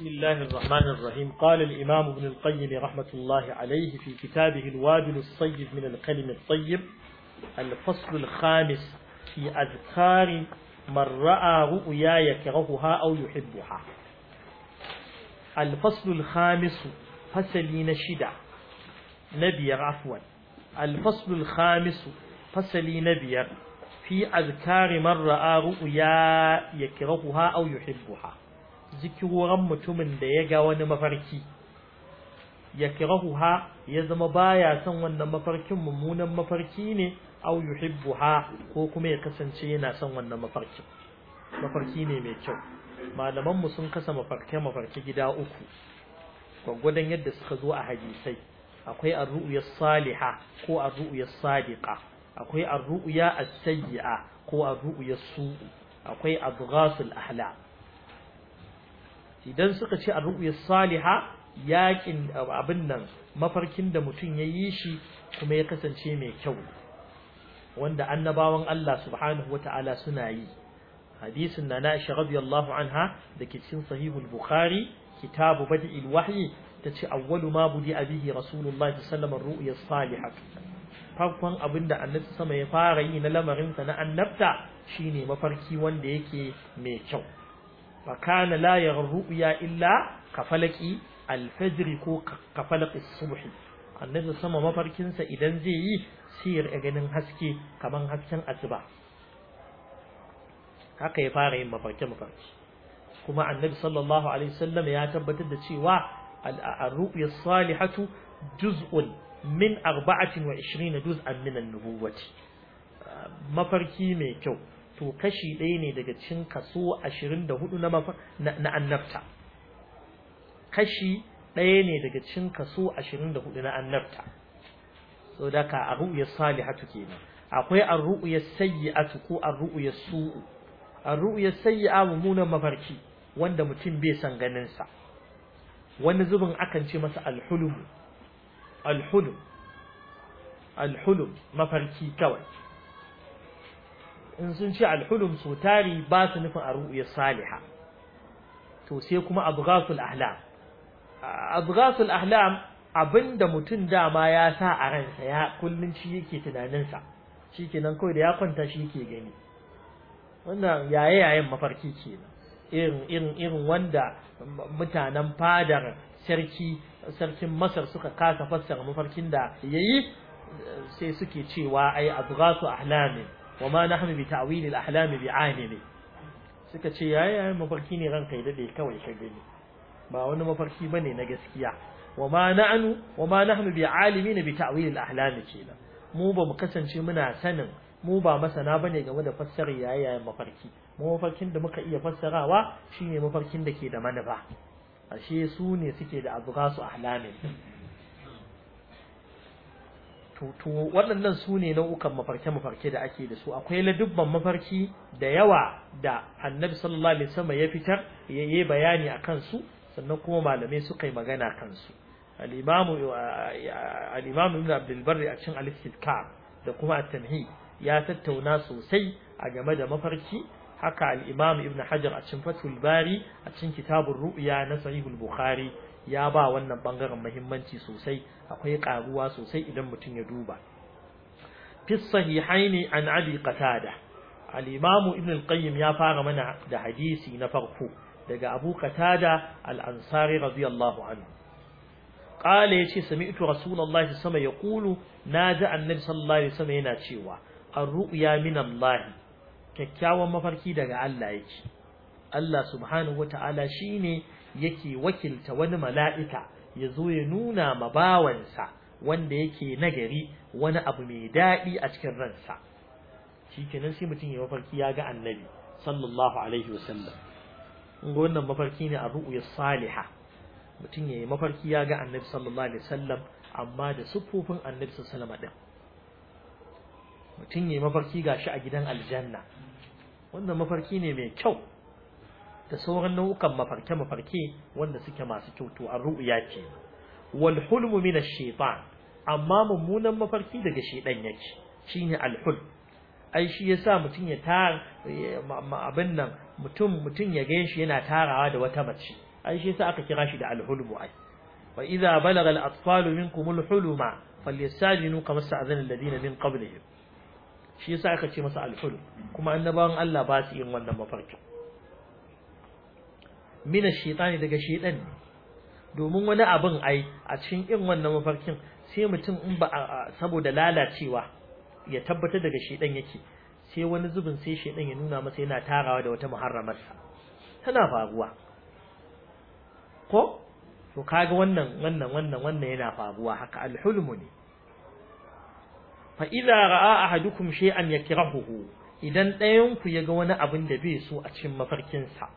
بسم الله الرحمن الرحيم قال الإمام ابن القيم رحمة الله عليه في كتابه الوابل الصيب من الكلم الطيب الفصل الخامس في أذكار من رأى رؤيا يكرهها أو يحبها الفصل الخامس فسلين شدة نبي عفوا الفصل الخامس فسلي نبي في أذكار من رأى رؤيا يكرهها أو يحبها zikiroran mutumin da ya ga wani mafarki ya kirahuha ya zama baya son wannan mafarkin mummunan mafarki ne hibbu yuhibbuha ko kuma ya kasance yana son wannan mafarkin mafarki ne mai kyau malaman mu sun kasa mafarke mafarki gida uku gwaggwadon yadda suka zo a hadisai akwai ar ya saliha ko ar ya sadiqa akwai ar-ru'ya as-sayyi'a ko ar ya su akwai adghasul ahlam idan suka ce a ruya Saliha, yakin abin nan mafarkin da mutum ya yi shi kuma ya kasance mai kyau wanda annabawan Allah subhanahu wata'ala suna yi hadisin na Aisha radiyallahu anha da ke cikin sahihul bukhari kitabu bad'il wahyi tace awwalu ma budi abihi rasulullahi sallallahu alaihi wasallam farkon abin da annabi sama ya fara yi na lamarin sa na annabta shine mafarki wanda yake mai kyau fa kana la yaghru ya illa kafalaki alfajri ko kafalaki subhi annabi sama mafarkinsa idan zai yi siyar a ganin haske kaman hasken asuba haka ya fara yin mafarki mafarki kuma annabi sallallahu alaihi wasallam ya tabbatar da cewa ar-ru'ya salihatu juz'un min 24 juz'an min an-nubuwwati mafarki mai kyau to kashi ɗaya ne daga cin kaso ashirin da hudu na annabta kashi ɗaya ne daga cin kaso ashirin da hudu na annabta so da ka a ru'uyar salihatu nan. akwai a ru'uyar sayyi'atu ko an ru'uyar su'u an ru'uyar sayyi'a mummunan mafarki wanda mutum bai san ganinsa. wani zubin akan ce masa alhulum alhulum alhulum mafarki kawai in sun ce alhulum so tari ba su nufin a ru'uyar saliha to sai kuma abugasul ahlam abugasul ahlam abinda mutum dama ya sa a ransa ya kullum shi yake tunaninsa shi ke nan kawai da ya kwanta shi yake gani wannan yaye yayen mafarki kenan irin irin wanda mutanen fadar sarki sarkin Masar suka kasa fassara mafarkin da yayi sai suke cewa ai abghasu ahlamin wa ma nahnu bi ta'wil al-ahlam bi suka ce yayi mafarki ne ranka ya dade kawai ka gani ba wani mafarki bane na gaskiya wa ma na'nu wa ma nahnu bi alimin bi ta'wil al-ahlam kenan mu ba mu kasance muna sanin mu ba masana bane game da fassarar yayi yayi mafarki mu mafarkin da muka iya fassarawa shine mafarkin da ke da manufa ashe su ne suke da gasu ahlamin to waɗannan su ne nau'ukan mafarke-mafarke da ake da su akwai na dubban mafarki da yawa da annabi sallallahu alaihi wasallam ya fitar ya yi bayani a kansu sannan kuma malamai suka yi magana kansu al-imamu uh, uh, al ibn abdul barri a cikin al-istidkar da kuma at-tanhi ya tattauna sosai a game da mafarki haka al-imamu ibn hajar a cikin fathul bari a cikin kitabun ru'ya na sahihul bukhari ya ba wannan bangaren muhimmanci sosai akwai karuwa sosai idan mutum ya duba fi sahihaini an abi qatada al-imam ibn al-qayyim ya fara mana da hadisi na farko daga abu qatada al-ansari radiyallahu anhu qala yace sami'tu rasulullahi sama yaqulu naji annabi sallallahu alaihi wasallam yana cewa ar-ru'ya min Allah kyakkyawan mafarki daga Allah yake Allah subhanahu wataala shine yake wakilta wani mala'ika ya zo ya nuna mabawansa wanda yake nagari wani abu mai daɗi a cikin ransa shi kenan sai mutum ya mafarki ya ga annabi sallallahu alaihi wasallam in ga wannan mafarki ne a ya saliha mutum ya yi mafarki ya ga annabi sallallahu alaihi wasallam amma da siffofin annabi sallallahu alaihi wasallam mutum ya yi mafarki ga shi a gidan aljanna wannan mafarki ne mai kyau da sauran nau'ukan mafarke mafarke wanda suke masu kyau to ar-ru'ya ce wal hulmu min ash-shaytan amma mummunan mafarki daga shedan yake shine al-hulm ai shi yasa ya tar abin nan mutum mutum ya gan shi yana tarawa da wata mace ai shi yasa aka kira shi da al-hulmu ai wa idza balagha al-atfalu minkum al-huluma falyastajinu kama sta'adhana alladhina min qablihim shi yasa aka ce masa al-hulm kuma annabawan Allah ba su yin wannan mafarkin mina shaitani daga shaitan ne domin wani abin ai a cikin irin wannan mafarkin sai mutum in ba saboda lalacewa ya tabbatar daga shaitan yake sai wani zubin sai shaitan ya nuna masa yana tarawa da wata muharramarsa tana faruwa ko to kaga wannan wannan wannan wannan yana faruwa haka alhulmu ne fa idza ra'a ahadukum shay'an yakrahuhu idan ɗayan ku yaga wani abin da bai so a cikin mafarkinsa?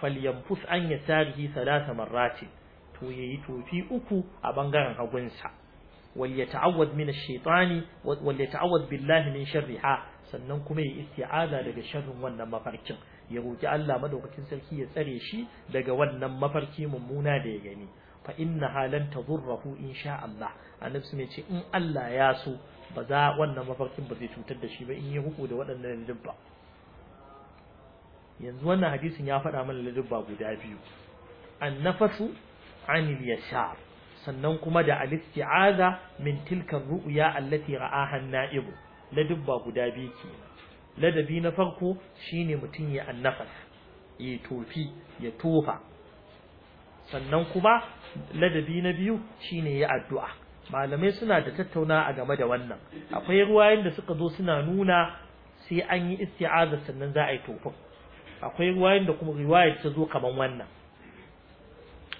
falyanfus an tarihi salasa marratin to yayi tofi uku a bangaren hagunsa wal yata'awwad min ash-shaytani wal yata'awwad billahi min sharriha sannan kuma yayi isti'aza daga sharrin wannan mafarkin ya roki Allah madaukakin sarki ya tsare shi daga wannan mafarki mummuna da ya gani fa inna lan tadurruhu insha'allah Allah annabi ne ce in Allah ya so ba za wannan mafarkin ba zai cutar da shi ba in yi huku da waɗannan dubba yanzu wannan hadisin ya faɗa mana ladabba guda biyu annafasu anil yashar sannan kuma da alisti'aza, mintilkan min tilka ru'ya allati ra'aha an-na'ib guda biyu kenan ladabi na farko shine mutun ya annafas ya tofi ya tofa sannan kuma ladabi na biyu shine ya addu'a malamai suna da tattauna a game da wannan akwai ruwayoyin da suka zo suna nuna sai an yi isti'aza sannan za a yi tofin akwai ruwayin da kuma riwaya ta zo kaman wannan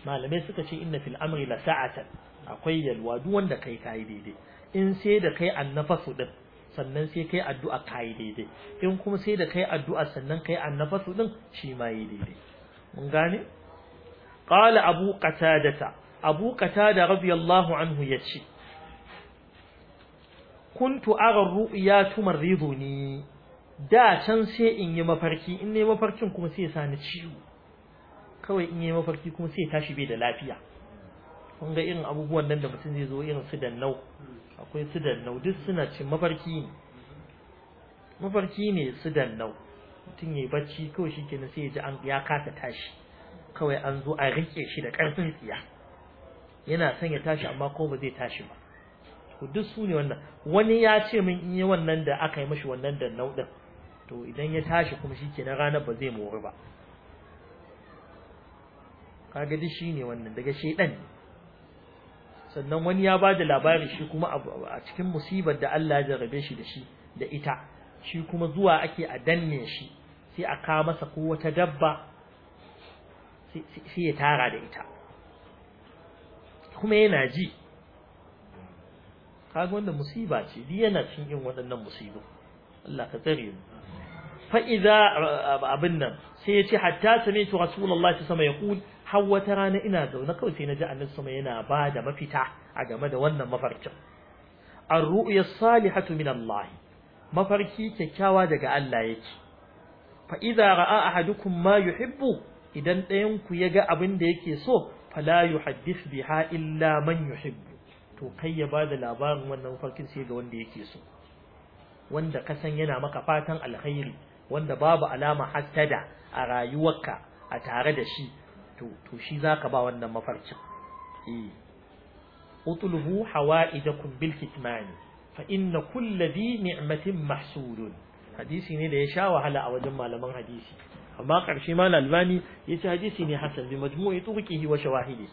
malamai suka ce inna fil amri la sa'atan akwai yalwa duk wanda kai kai daidai in sai da kai annafasu din sannan sai kai addu'a kai daidai in kuma sai da kai addu'a sannan kai annafasu din shi ma yi daidai mun gane qala abu qatadata abu qatada radiyallahu anhu yace kuntu aga ru'ya tumarriduni da can sai in yi mafarki in ne mafarkin kuma sai ya sani ciwo kawai in yi mafarki kuma sai ya tashi bai da lafiya kun ga irin abubuwan nan da mutum zai zo irin su dannau akwai su dannau duk suna cin mafarki ne mafarki ne su dannau mutum ya yi bacci kawai shi kenan sai ya ji an ya kasa tashi kawai an zo a rike shi da ƙarfin tsiya yana son ya tashi amma ko ba zai tashi ba ku duk su ne wannan wani ya ce min in yi wannan da aka yi mashi wannan dannau din to idan ya tashi kuma shi ke na ranar ba zai mori ba kaga duk shi ne wannan daga shaidan sannan wani ya ba da labari shi kuma a cikin musibar da Allah ya jarrabe shi da shi da ita shi kuma zuwa ake a danne shi sai a ka masa ko wata dabba sai ya tara da ita kuma yana ji kaga wannan musiba ce duk yana cikin waɗannan musibu Allah ka tsare mu fa'iza abin nan sai ya ce hatta same tu rasulullah ta sama ya kul har wata rana ina zaune kawai sai na ji annabi sama yana ba da mafita a game da wannan mafarkin ar-ru'ya salihatu min mafarki kyakkyawa daga Allah yake fa idza ra'a ahadukum ma yuhibbu idan ɗayan ku ya ga abin da yake so fala yuhaddith biha illa man yuhibbu to kai ya ba da labarin wannan mafarkin sai ga wanda yake so wanda ka san yana maka fatan alkhairi wanda babu alama hassada a rayuwarka a tare da shi to to shi zaka ba wannan mafarkin eh utlubu hawaijakum bil kitman fa inna kulli dhi ni'matin mahsudun hadisi ne da ya sha wahala a wajen malaman hadisi amma karshe ma albani yace hadisi ne hasan bi majmu'i turqihi wa shawahidi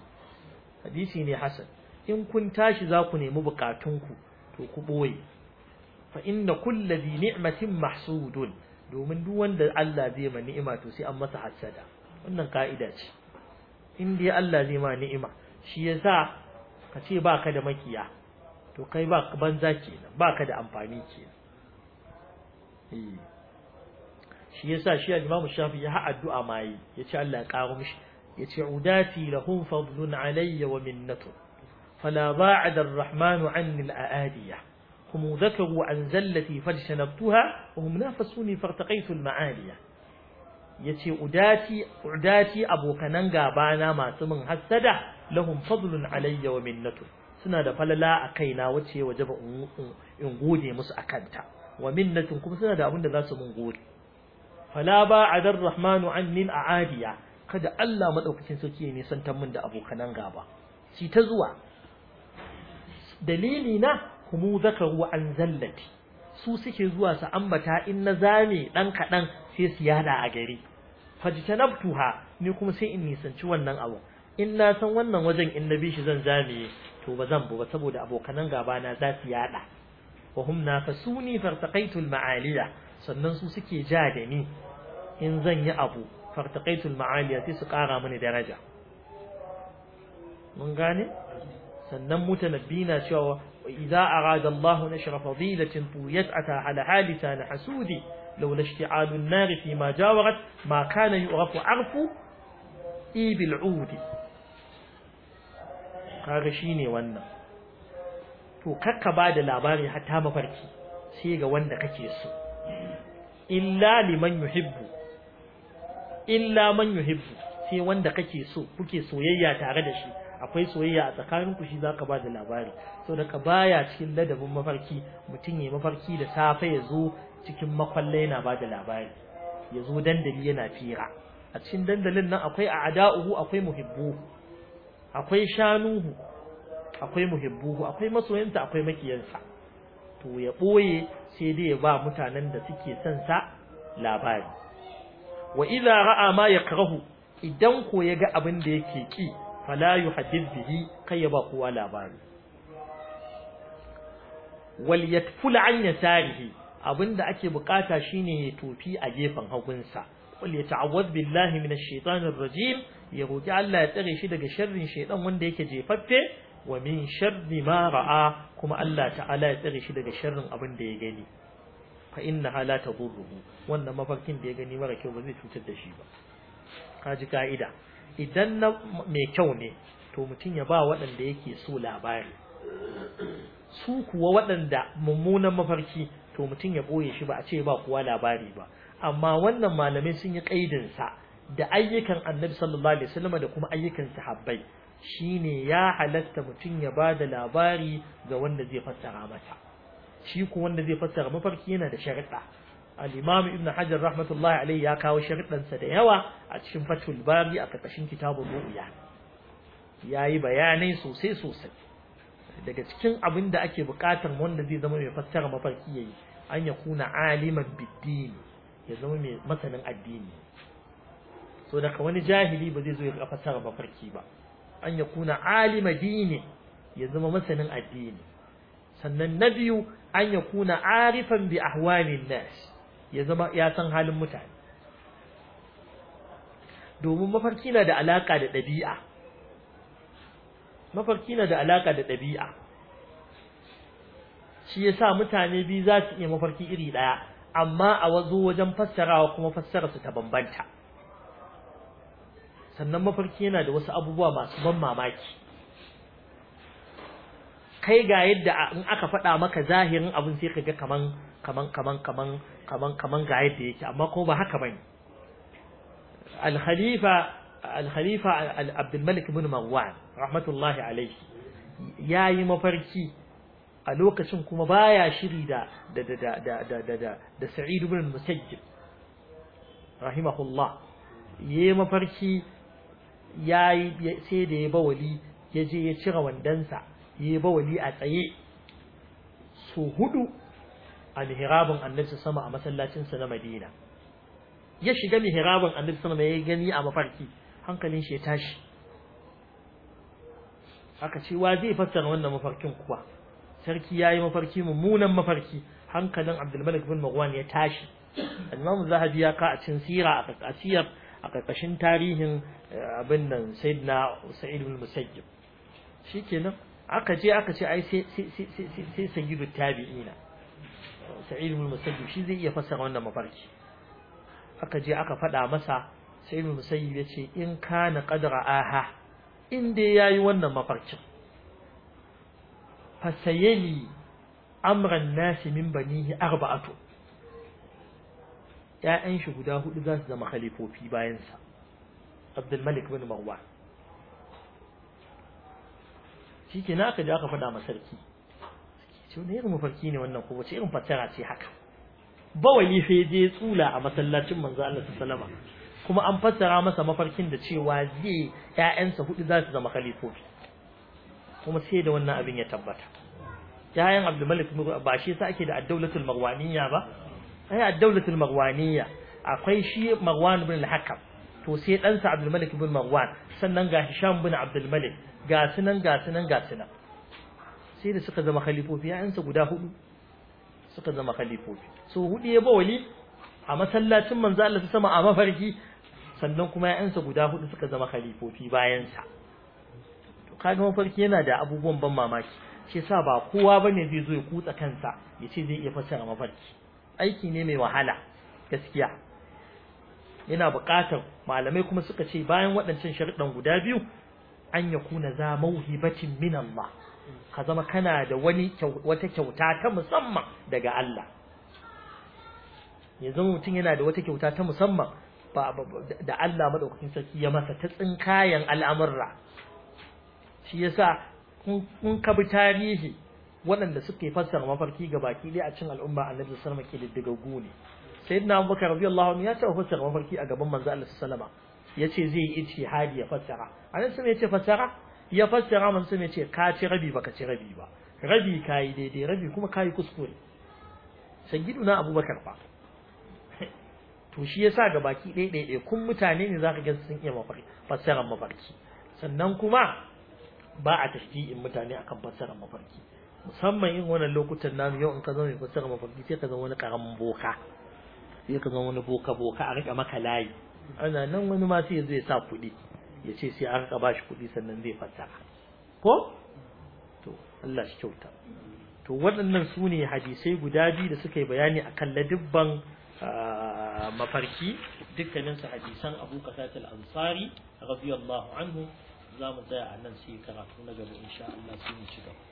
hadisi ne hasan in kun tashi za ku nemi bukatunku to ku boye fa inna kulli dhi ni'matin mahsudun domin duk wanda Allah zai ma ni'ima to sai an masa hassada wannan ka'ida ce in dai Allah zai ma ni'ima shi yasa ka ce baka da makiya to kai ba banza kenan baka da amfani kenan eh shi yasa shi Imam Shafi ya addu'a mai yace Allah ya karo mishi yace udati lahum fadlun alayya wa minnatu fala ba'da ar-rahmanu 'anni al-aadiyah هم ذكروا عن زلتي فاجتنبتها وهم نافسوني فارتقيت المعالية yace udati udati abokanan gabana masu min hassada lahum fadlun alayya wa minnatu suna da falala a kaina wace wajaba in gode musu akanta wa minnatun kuma suna da abin da za su mun gode fala ba adar rahmanu annin aadiya kada Allah maɗaukacin sarki ya nisantar min da abokanan gaba shi ta zuwa dalili na humu zakaru an zallati su suke zuwa su ambata in na zame dan kaɗan sai su yada a gari fajtanabtuha ni kuma sai in nisanci wannan abu in na san wannan wajen in na bi shi zan zame to ba zan ba saboda abokanan gaba na za su yada wa hum nafasuni fartaqaitu al-ma'aliya sannan su suke ja da ni in zan yi abu fartaqaitu al sai su kara mini daraja mun gane sannan mutanabbina cewa وإذا أراد الله نشر فضيلة طويت أتى على حال تان حسودي لولا اشتعال النار فيما جاورت ما كان يعرف عرف إيب العود قارشيني وانا to kakka ba da labari hatta mafarki sai ga wanda kake so illa liman yuhibbu illa sai wanda kake so kuke soyayya tare da shi akwai soyayya a tsakanin ku shi zaka ba da labari da ka baya cikin ladabin mafarki mutum ya mafarki da safe ya zo cikin makwalle yana ba da labari ya zo dandali yana fira a cikin dandalin nan akwai a'da'uhu akwai muhibbu akwai shanuhu akwai muhibbuhu akwai masoyanta akwai makiyansa to ya ɓoye sai dai ya ba mutanen da suke son sa labari wa idza ra'a ma yakrahu idan ko ya ga abin da yake ki fala yuhaddith bihi kai ya ba kowa labari wal yatful an yasarihi abinda ake bukata shine ya tofi a gefen hagunsa wal yata'awwad billahi minash shaitanir rajim ya roki Allah ya tsare shi daga sharrin shaitan wanda yake jefaffe wa min sharri ma ra'a kuma Allah ta'ala ya tsare shi daga sharrin abin da ya gani fa innaha la tadurruhu wannan mafarkin da ya gani mara kyau ba zai cutar da shi ba kaji ka'ida idan na mai kyau ne to mutum ya ba waɗanda yake so labari su kuwa waɗanda mummunan mafarki to mutum ya ɓoye shi ba a ce ba kuwa labari ba amma wannan malamai sun yi ƙaidinsa da ayyukan annabi sallallahu alaihi wasallam da kuma ayyukan sahabbai shine ya halatta mutum ya ba da labari ga wanda zai fassara mata shi kuwa wanda zai fassara mafarki yana da sharaɗa al-imam ibn hajar rahmatullahi alayhi ya kawo sa da yawa a cikin fathul bari a ƙarƙashin kitabul ru'ya yayi bayanai sosai sosai daga cikin abin da ake buƙatar wanda zai zama mai fassara mafarki yayi an ya kuna aliman biddini ya zama mai masanin addini so daga wani jahili ba zai zo ya fassara mafarki ba an ya kuna alima dini ya zama masanin addini sannan na biyu an ya kuna arifan bi ahwalin nas ya zama ya san halin mutane domin mafarki na da alaka da ɗabi'a mafarki na da alaka da ɗabi'a shi yasa mutane biyu za su iya mafarki iri ɗaya amma a wazo wajen fassarawa kuma fassararsu ta bambanta sannan mafarki yana da wasu abubuwa masu ban mamaki kai ga yadda in aka faɗa maka zahirin abin sai ka ga kaman kaman kaman kaman kaman kaman ga yadda yake amma kuma ba haka bane al-khalifa al-khalifa Abdul Malik ibn Marwan rahmatullahi alayhi yayi mafarki a lokacin kuma baya shiri da da da da da da da da Sa'id ibn Musayyib rahimahullah yayi mafarki yayi sai da ya bawali yaje ya cire wandansa yi wali a tsaye su hudu a mihrabin annabi sama a masallacinsa na madina ya shiga mihrabin annabi sama ya gani a mafarki hankalin shi ya tashi aka ce wa zai fassara wannan mafarkin kuwa sarki yayi mafarki mummunan mafarki hankalin Abdulmalik bin Marwan ya tashi Imam Zahabi ya ka a cin sira a kasiyar a karkashin tarihin eh, abin nan Sayyidina Sa'id bin Musayyib shikenan aka je aka ce ai sai sayyidu tabi'ina sa'id ibn musayyib shi zai iya fassara wannan mafarki aka je aka faɗa masa sai ibn musayyib ya ce in kana qadra aha in dai yayi wannan mafarkin fasayali amran nasi min banihi arba'atu ya'yan shi guda hudu za su zama khalifofi bayan sa Abdul Malik bin Marwan shi ke na aka ja ka faɗa masarki ce wani irin mafarki ne wannan ko wace irin fatara ce haka bawali sai je tsula a masallacin manzo Allah sallama kuma an fassara masa mafarkin da cewa zai ƴaƴansa hudu za su zama khalifofi kuma sai da wannan abin ya tabbata ƴaƴan Abdul Malik ba shi sa ake da ad-dawlatul marwaniyya ba ai ad-dawlatul marwaniyya akwai shi Marwan ibn al-Hakam to sai ɗansa Abdul Malik ibn Marwan sannan ga Hisham ibn Abdul Malik gasinan gasinan nan sai da suka zama khalifofi ya'yansa guda hudu suka zama khalifofi so hudu ya ba wali a masallacin manzo Allah sama a mafarki sannan kuma ya'yansa guda hudu suka zama khalifofi bayan sa to kaga mafarki yana da abubuwan ban mamaki shi yasa ba kowa bane zai zo ya kutsa kansa ya ce zai iya fassara mafarki aiki ne mai wahala gaskiya yana buƙatar malamai kuma suka ce bayan waɗancan sharuɗan guda biyu an yakuna za mauhibatin min Allah ka zama kana da wani wata kyauta ta musamman daga Allah yanzu mutum yana da wata kyauta ta musamman da Allah madaukakin sarki ya masa ta tsinkayen al'amurra shi yasa in ka bi tarihi waɗanda suke fassara mafarki ga baki dai a cikin al'umma annabi sallallahu alaihi wasallam ke diddigaggu ne sayyidina abubakar radiyallahu anhu ya taɓa fassara mafarki a gaban manzo Allah sallallahu alaihi wasallam yace zai yi ijtihadi ya fassara anan sai yace fassara ya fassara mun sai yace ka ci rabi baka ci rabi ba rabi kai daidai rabi kuma kai kuskure na abubakar fa to shi yasa ga baki dai-dai-dai kun mutane ne zaka ga sun iya mafarki fassaran mafarki sannan kuma ba a tashki'in mutane akan fassaran mafarki musamman in wannan lokutan namu yau in ka zama mai fassarar mafarki sai ka zama wani karamin boka sai ka zama wani boka boka a rika maka layi ana nan wani ma sai zai sa kuɗi ya ce sai an ba shi kuɗi sannan zai fassara ko to Allah shi kyauta to waɗannan su ne hadisai guda biyu da suka yi bayani a kan ladibban ah, mafarki dukkaninsu hadisan Abu Qatat al-Ansari radiyallahu anhu za mu tsaya a nan sai karatu na gaba insha Allah sai mu ci gaba